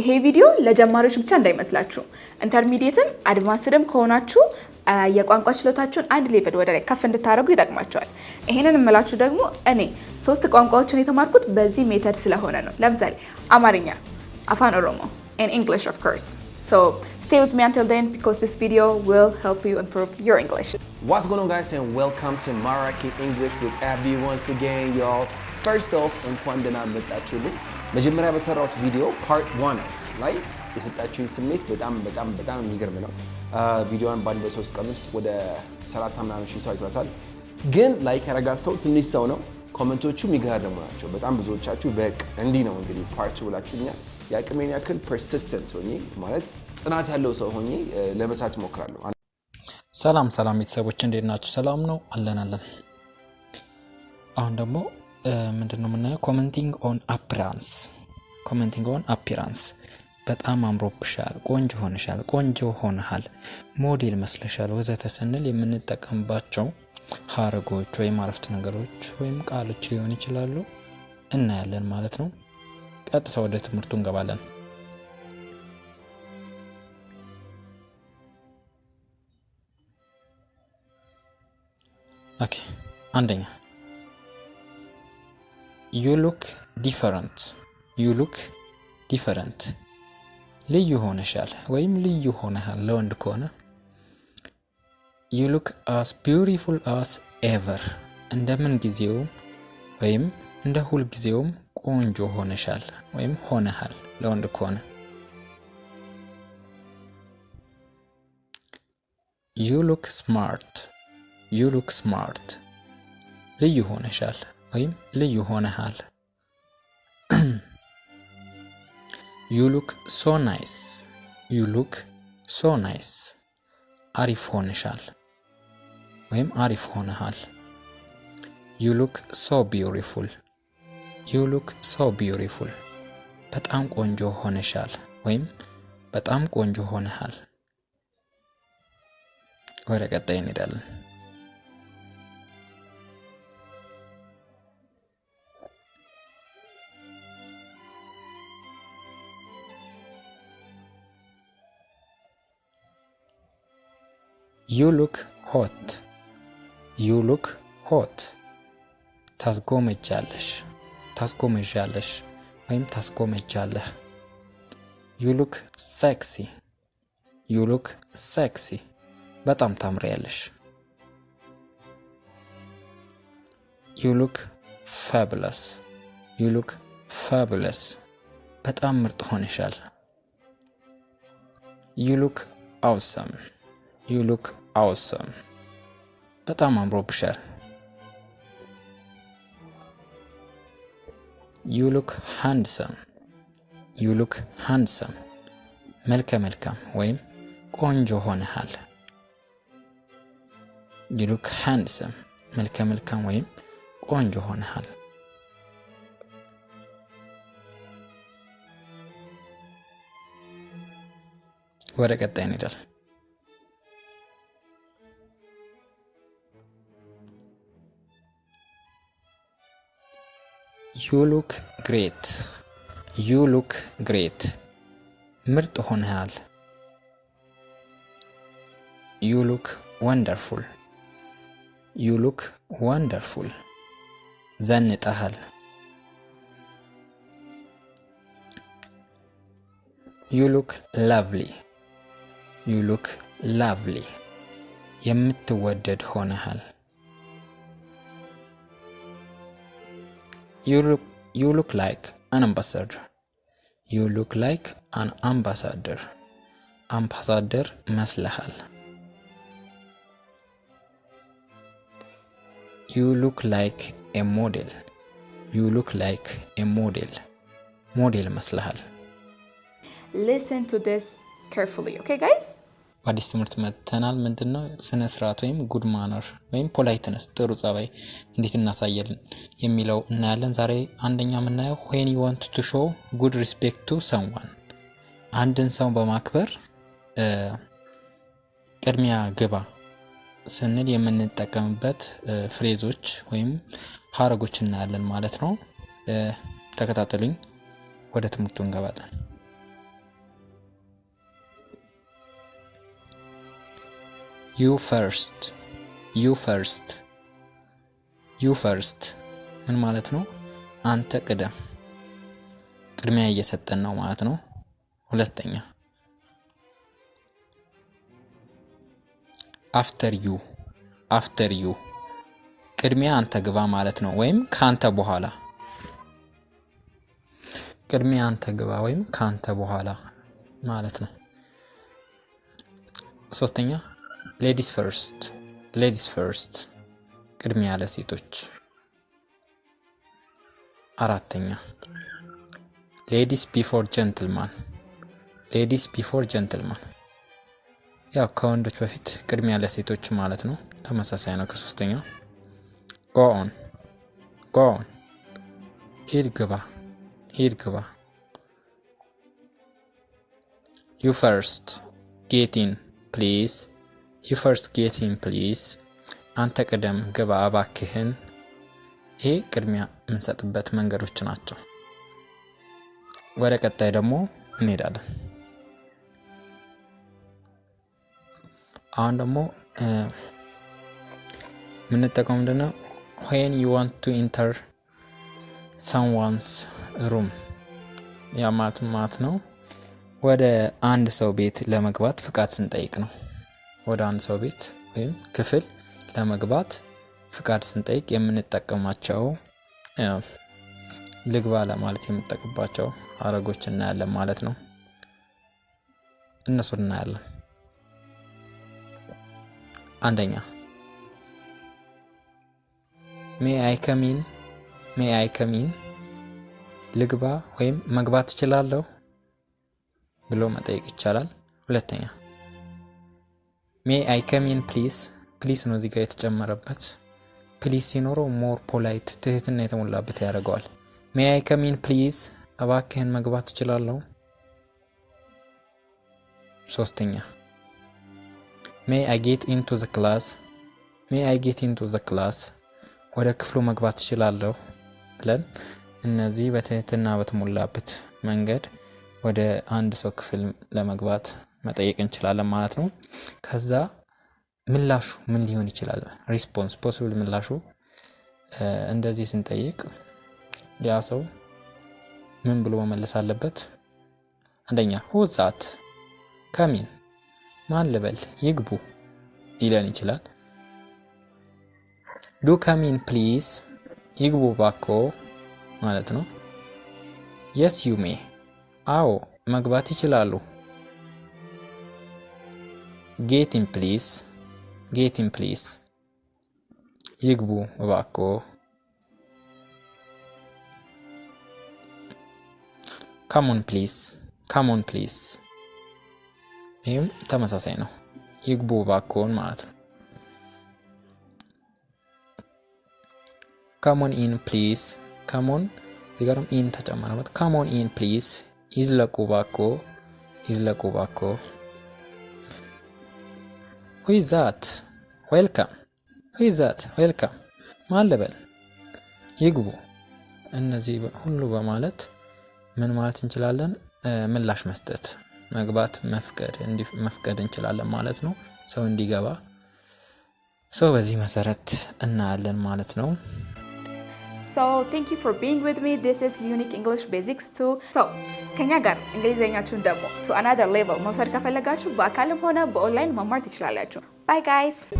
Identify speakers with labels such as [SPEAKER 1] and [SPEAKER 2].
[SPEAKER 1] ይሄ ቪዲዮ ለጀማሪዎች ብቻ እንዳይመስላችሁ፣ ኢንተርሚዲየትም አድቫንስድም ከሆናችሁ የቋንቋ ችሎታችሁን አንድ ሌቭል ወደ ላይ ከፍ እንድታደርጉ ይጠቅማቸዋል። ይህንን እምላችሁ ደግሞ እኔ ሶስት ቋንቋዎችን የተማርኩት በዚህ ሜተድ ስለሆነ ነው። ለምሳሌ አማርኛ፣ አፋን ኦሮሞ ኤን ኢንግሊሽ ኦፍ ኮርስ ሶ ስቴይ ዊዝ ሚ አንቲል ዴን ቢኮዝ ዚስ ቪዲዮ ዊል ሄልፕ ዩ ኢምፕሩቭ ዩር ኢንግሊሽ
[SPEAKER 2] ዋትስ ጎይንግ ኦን ጋይስ ኤንድ ዌልካም ቱ ማራኪ ኢንግሊሽ ዊዝ አቢ ዋንስ አጌን ዮል ፈርስት ኦፍ እንኳን ደህና መጣችሁልኝ። መጀመሪያ በሰራሁት ቪዲዮ ፓርት ዋን ላይ የሰጣችሁኝ ስሜት በጣም በጣም በጣም የሚገርም ነው። ቪዲዮን በአንድ በሶስት ቀን ውስጥ ወደ 30 ምናምን ሺህ ሰው አይቷታል። ግን ላይክ ያረጋት ሰው ትንሽ ሰው ነው። ኮመንቶቹ የሚገርሙ ናቸው። በጣም ብዙዎቻችሁ በቅ እንዲህ ነው እንግዲህ ፓርቱ ብላችሁኛል። የአቅሜን ያክል ፐርሲስተንት ሆኜ ማለት ጽናት ያለው ሰው ሆኜ ለመሳት እሞክራለሁ።
[SPEAKER 3] ሰላም ሰላም ቤተሰቦች እንዴት ናችሁ? ሰላም ነው አለን አለን። አሁን ደግሞ ምንድን ነው የምናየው? ኮመንቲንግ ኦን አፒራንስ ኮመንቲንግ ኦን አፒራንስ በጣም አምሮብሻል፣ ቆንጆ ሆነሻል፣ ቆንጆ ሆነሃል፣ ሞዴል መስለሻል ወዘተ ስንል የምንጠቀምባቸው ሀረጎች ወይም አረፍተ ነገሮች ወይም ቃሎች ሊሆን ይችላሉ። እናያለን ማለት ነው። ቀጥታ ወደ ትምህርቱ እንገባለን። ኦኬ አንደኛ ዩሉክ ዲፈረንት ዩሉክ ዲፈረንት ልዩ ሆነሻል ወይም ልዩ ሆነሃል ለወንድ ከሆነ ዩሉክ አስ ቢዩቲፉል አስ ኤቨር እንደ ጊዜውም ወይም እንደ ሁል ጊዜውም ቆንጆ ሆነሻል ወይም ሆነሃል ለወንድ ከሆነ ዩሉክ ስማርት ዩሉክ ስማርት ልዩ ሆነሻል ወይም ልዩ ሆነሃል። ዩሉክ ሶ ናይስ፣ ዩሉክ ሶ ናይስ፣ አሪፍ ሆንሻል ወይም አሪፍ ሆነሃል። ዩሉክ ሶ ቢዩቲፉል፣ ዩሉክ ሶ ቢዩቲፉል፣ በጣም ቆንጆ ሆነሻል ወይም በጣም ቆንጆ ሆነሃል። ወደ ቀጣይ እንሄዳለን። ዩሉክ ሆት ዩሉክ ሆት ታስጎመጃለሽ ታስጎመዣለሽ ወይም ታስጎመጃለህ። ዩሉክ ሴክሲ ዩሉክ ሴክሲ በጣም ታምሪያለሽ። ዩሉክ ፋብለስ ዩሉክ ፋብለስ በጣም ምርጥ ሆነሻል። ዩሉክ አውሰም ዩ ሉክ አውሰም በጣም አምሮብሻል። ዩ ሉክ ሃንድሰም ዩ ሉክ ሃንድሰም መልከ መልካም ወይም ቆንጆ ሆነሃል። ዩ ሉክ ሃንድሰም መልከ መልካም ወይም ቆንጆ ሆነሃል። ወደ ቀጣይ እንሄዳለን። ዩ ሉክ ግሬት ዩ ሉክ ግሬት ምርጥ ሆነሃል። ዩሉክ ወንደርፉል ዩሉክ ወንደርፉል ዘንጠሃል። ዩሉክ ላቭሊ ዩሉክ ላቭሊ የምትወደድ ሆነሃል። you look you look like an ambassador you look like an ambassador ambassador maslahal you look like a model you look like a model model maslahal
[SPEAKER 1] listen to this carefully okay guys
[SPEAKER 3] በአዲስ ትምህርት መጥተናል። ምንድነው ስነ ስርዓት ወይም ጉድ ማነር ወይም ፖላይትነስ ጥሩ ጸባይ እንዴት እናሳያለን የሚለው እናያለን። ዛሬ አንደኛ የምናየው ዌን ዩ ዋንት ቱ ሾው ጉድ ሪስፔክት ቱ ሰንዋን አንድን ሰው በማክበር ቅድሚያ ግባ ስንል የምንጠቀምበት ፍሬዞች ወይም ሀረጎች እናያለን ማለት ነው። ተከታተሉኝ፣ ወደ ትምህርቱ እንገባለን። ዩ ፈርስት ዩ ፈርስት ዩ ፈርስት ምን ማለት ነው? አንተ ቅደም። ቅድሚያ እየሰጠን ነው ማለት ነው። ሁለተኛ አፍተር ዩ አፍተር ዩ ቅድሚያ አንተ ግባ ማለት ነው። ወይም ካንተ በኋላ ቅድሚያ አንተ ግባ ወይም ካንተ በኋላ ማለት ነው። ሶስተኛ ሌዲስ ፈርስት ሌዲስ ፈርስት ቅድሚያ ለሴቶች። አራተኛ ሌዲስ ቢፎር ጀንትልማን ሌዲስ ቢፎር ጀንትልማን ያው ከወንዶች በፊት ቅድሚያ ለሴቶች ማለት ነው። ተመሳሳይ ነው ከሶስተኛው። ጎኦን ጎኦን ሂድ ግባ ሂድ ግባ። ዩ ፈርስት ጌቲን ፕሊዝ ዩ ፈርስት ጌት ፕሊዝ፣ አንተ ቅደም ግባ እባክህን። ይሄ ቅድሚያ የምንሰጥበት መንገዶች ናቸው። ወደ ቀጣይ ደግሞ እንሄዳለን። አሁን ደግሞ የምንጠቀሙ ምንድነው? ን ዩ ዋንት ቱ ኢንተር ሰምዋንስ ሩም ያ ማለት ነው። ወደ አንድ ሰው ቤት ለመግባት ፍቃድ ስንጠይቅ ነው። ወደ አንድ ሰው ቤት ወይም ክፍል ለመግባት ፍቃድ ስንጠይቅ የምንጠቀማቸው ልግባ ለማለት የምንጠቅባቸው ሀረጎች እናያለን ማለት ነው። እነሱን እናያለን። አንደኛ ሜ አይ ከሚን፣ ሜይ አይ ከሚን፣ ልግባ ወይም መግባት እችላለሁ ብሎ መጠየቅ ይቻላል። ሁለተኛ ሜ አይ ከሚን ፕሊስ ፕሊስ ነው እዚጋ የተጨመረበት። ፕሊስ ሲኖረው ሞር ፖላይት ትህትና የተሞላበት ያደርገዋል። ሜ አይ ከሚን ፕሊዝ እባክህን መግባት ትችላለሁ። ሶስተኛ ሜ አይ ጌት ኢንቱ ዘ ክላስ ሜ አይ ጌት ኢንቱ ዘ ክላስ ወደ ክፍሉ መግባት ትችላለሁ ብለን እነዚህ በትህትና በተሞላበት መንገድ ወደ አንድ ሰው ክፍል ለመግባት መጠየቅ እንችላለን ማለት ነው። ከዛ ምላሹ ምን ሊሆን ይችላል? ሪስፖንስ ፖስብል ምላሹ እንደዚህ ስንጠይቅ ያ ሰው ምን ብሎ መመለስ አለበት? አንደኛ ሁዛት ከሚን ማን ልበል ይግቡ ሊለን ይችላል። ዱ ከሚን ፕሊዝ ይግቡ ባኮ ማለት ነው። የስ ዩሜ አዎ መግባት ይችላሉ ጌት ኢን ፕሊስ ጌት ኢን ፕሊስ ይግቡ እባክዎ። ካሞን ፕሊስ ካሞን ፕሊስ ይህም ተመሳሳይ ነው። ይግቡ እባክዎን ማለት ነው። ካሞን ኢን ፕሊስ ካሞን ዚጋርም ኢን ተጨመረበት። ካሞን ኢን ፕሊስ ይዝለቁ እባክዎ ይዝለቁ እባክዎ ዊዛት ዌልካም ዊዛት ዌልካም ማለበል ይግቡ። እነዚህ ሁሉ በማለት ምን ማለት እንችላለን? ምላሽ መስጠት መግባት መፍቀድ መፍቀድ እንችላለን ማለት ነው። ሰው እንዲገባ ሰው በዚህ መሰረት እናያለን ማለት ነው።
[SPEAKER 1] So, thank you for being with me. This is Unique English Basics 2. So, ከኛ ጋር እንግሊዘኛችሁን ደግሞ to another level መውሰድ ከፈለጋችሁ በአካልም ሆነ በኦንላይን መማር ትችላላችሁ። ባይ ጋይስ